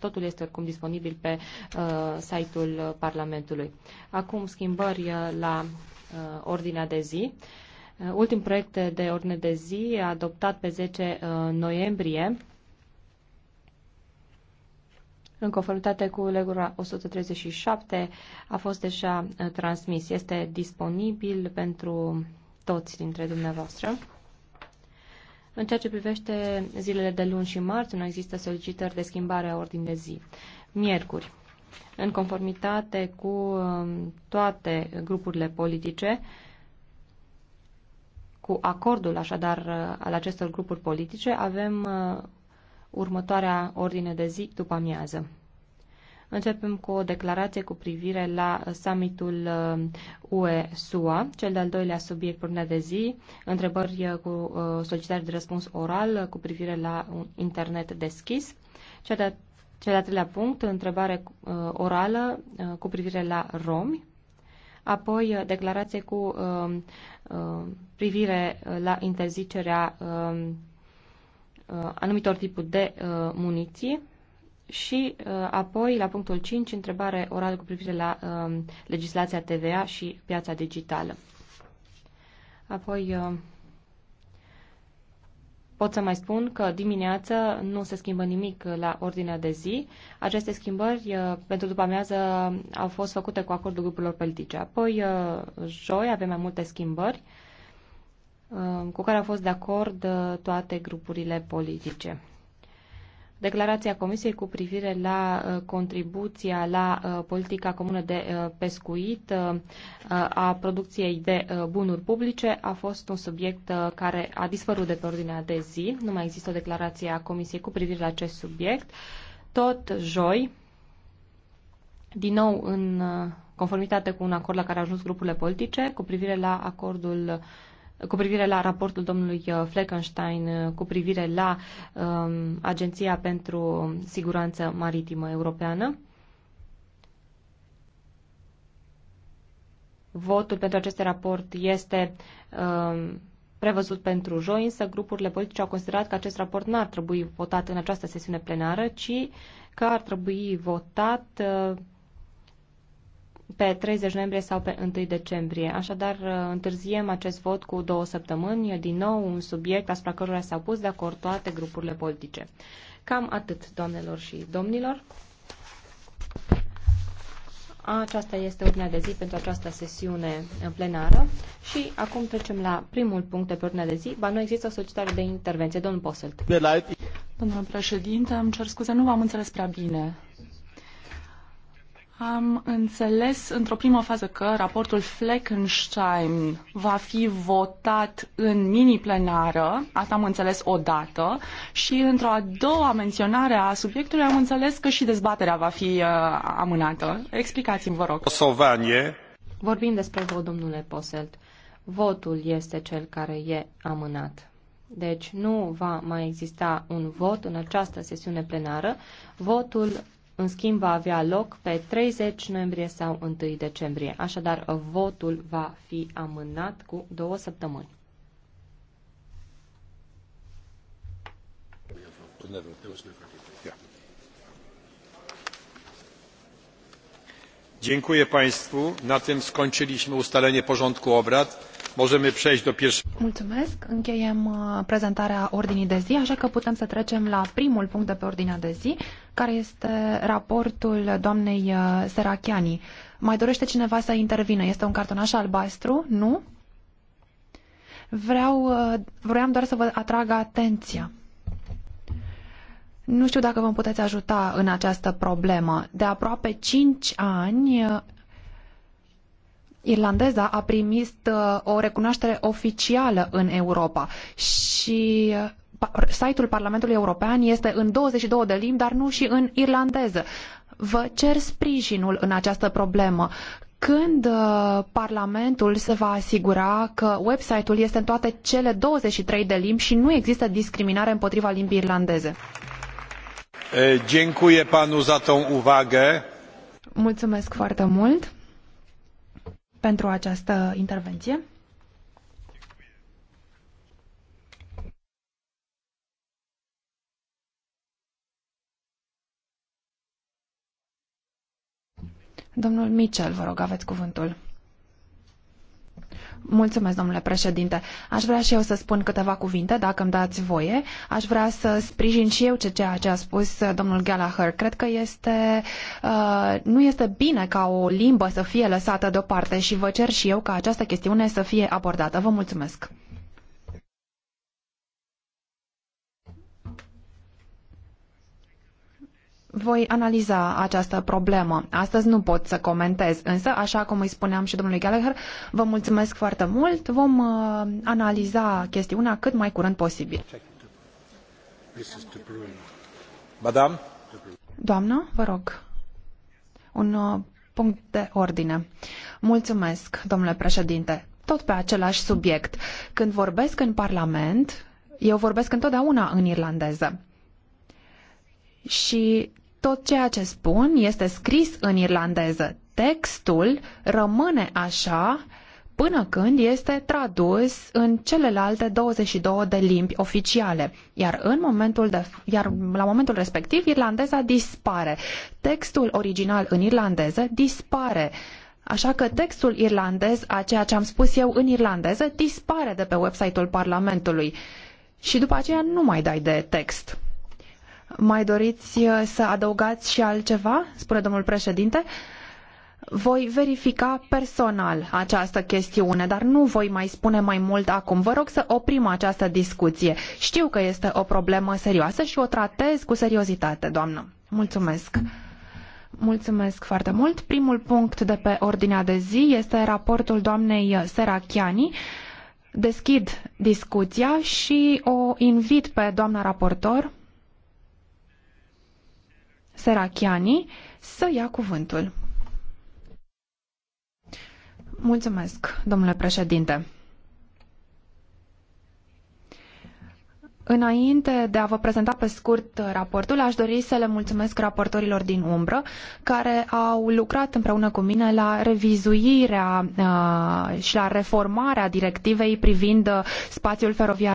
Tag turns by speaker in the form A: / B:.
A: Totul este oricum disponibil pe uh, site-ul Parlamentului. Acum schimbări uh, la uh, ordinea de zi. Uh, ultim proiect de ordine de zi adoptat pe 10 uh, noiembrie în conformitate cu legura 137 a fost deja uh, transmis. Este disponibil pentru toți dintre dumneavoastră. În ceea ce privește zilele de luni și marți, nu există solicitări de schimbare a ordinii de zi. Miercuri, în conformitate cu um, toate grupurile politice, cu acordul așadar uh, al acestor grupuri politice, avem uh, următoarea ordine de zi după amiază. Începem cu o declarație cu privire la summitul UE-SUA, uh, cel de-al doilea subiect până de zi, întrebări uh, cu uh, solicitări de răspuns oral cu privire la un internet deschis. Cel de cel de-al treilea punct, întrebare orală cu privire la romi, apoi declarație cu uh, uh, privire la interzicerea uh, anumitor tipuri de muniții și uh, apoi, la punctul 5, întrebare orală cu privire la uh, legislația TVA și piața digitală. Apoi, uh, pot să mai spun că dimineață nu se schimbă nimic la ordinea de zi. Aceste schimbări uh, pentru după amiază au fost făcute cu acordul grupurilor politice. Apoi, uh, joi, avem mai multe schimbări cu care au fost de acord toate grupurile politice declarația Comisiei cu privire la uh, contribuția la uh, politica comună de uh, pescuit a producției de bunuri publice a fost un subiect care a dispărut de pe ordinea de zi. Nu mai există o declarație a Comisiei cu privire la acest subiect. Tot joi, din nou în conformitate cu un acord la care a ajuns grupurile politice cu privire la acordul cu privire la raportul domnului uh, Fleckenstein, uh, cu privire la um, Agenția pentru Siguranță Maritimă Europeană. Votul pentru acest raport este um, prevăzut pentru joi, însă grupurile politice au considerat că acest raport nu ar trebui votat în această sesiune plenară, ci că ar trebui votat uh, pe 30 noiembrie sau pe 1 decembrie. Așadar, uh, întârziem acest vot cu două săptămâni, din nou un subiect asupra căruia s-au pus de acord toate grupurile politice. Cam atât, doamnelor și domnilor. Aceasta este ordinea de zi pentru această sesiune în plenară și acum trecem la primul punct de pe ordinea de zi. Ba nu există o solicitare de intervenție. Domnul Poselt. Domnule președinte, îmi cer scuze, nu v-am înțeles prea
B: bine. Am înțeles într-o primă fază că raportul Fleckenstein va fi votat în mini-plenară, asta am înțeles odată, și într-o a doua menționare a subiectului am înțeles că
A: și dezbaterea va fi uh, amânată. Explicați-mi,
B: vă rog. Sovanie.
A: Vorbim despre vot, domnule Poselt. Votul este cel care e amânat. Deci nu va mai exista un vot în această sesiune plenară. Votul în schimb, va avea loc pe 30 noiembrie sau 1 decembrie. Așadar, votul va fi amânat cu două săptămâni.
B: Dziękuję Państwu. Na tym skończyliśmy ustalenie porządku obrad. Încheiem uh, prezentarea ordinii de zi, așa că putem să trecem la primul punct de pe ordinea de zi, care este raportul doamnei uh, Serachiani. Mai dorește cineva să intervină? Este un cartonaș albastru? Nu? Vreau, uh, vroiam doar să vă atrag atenția. Nu știu dacă vă puteți ajuta în această problemă. De aproape 5 ani irlandeză a primit uh, o recunoaștere oficială în Europa și uh, site-ul Parlamentului European este în 22 de limbi, dar nu și în irlandeză. Vă cer sprijinul în această problemă. Când uh, Parlamentul se va asigura că website-ul este în toate cele 23 de limbi și nu există discriminare împotriva limbii irlandeze? Dziękuję panu za tą uwagę. Mulțumesc foarte mult pentru această intervenție. Domnul Mitchell, vă rog, aveți cuvântul. Mulțumesc, domnule președinte. Aș vrea și eu să spun câteva cuvinte, dacă îmi dați voie. Aș vrea să sprijin și eu ceea ce a spus domnul Gallagher. Cred că este, uh, nu este bine ca o limbă să fie lăsată deoparte și vă cer și eu ca această chestiune să fie abordată. Vă mulțumesc. voi analiza această problemă. Astăzi nu pot să comentez, însă, așa cum îi spuneam și domnului Gallagher, vă mulțumesc foarte mult. Vom uh, analiza chestiunea cât mai curând posibil. Madame? Doamnă, vă rog. Un uh, punct de ordine. Mulțumesc, domnule președinte. Tot pe același subiect. Când vorbesc în Parlament, eu vorbesc întotdeauna în irlandeză și tot ceea ce spun este scris în irlandeză. Textul rămâne așa până când este tradus în celelalte 22 de limbi oficiale. Iar, în momentul de, iar la momentul respectiv, irlandeza dispare. Textul original în irlandeză dispare. Așa că textul irlandez, a ceea ce am spus eu în irlandeză, dispare de pe website-ul Parlamentului. Și după aceea nu mai dai de text. Mai doriți uh, să adăugați și altceva? Spune domnul președinte. Voi verifica personal această chestiune, dar nu voi mai spune mai mult acum. Vă rog să oprim această discuție. Știu că este o problemă serioasă și o tratez cu seriozitate, doamnă. Mulțumesc. Mulțumesc foarte mult. Primul punct de pe ordinea de zi este raportul doamnei Serachiani. Deschid discuția și o invit pe doamna raportor Serachiani să ia cuvântul. Mulțumesc, domnule președinte. Înainte de a vă prezenta pe scurt raportul, aș dori să le mulțumesc raportorilor din umbră care au lucrat împreună cu mine la revizuirea uh, și la reformarea directivei privind uh, spațiul feroviar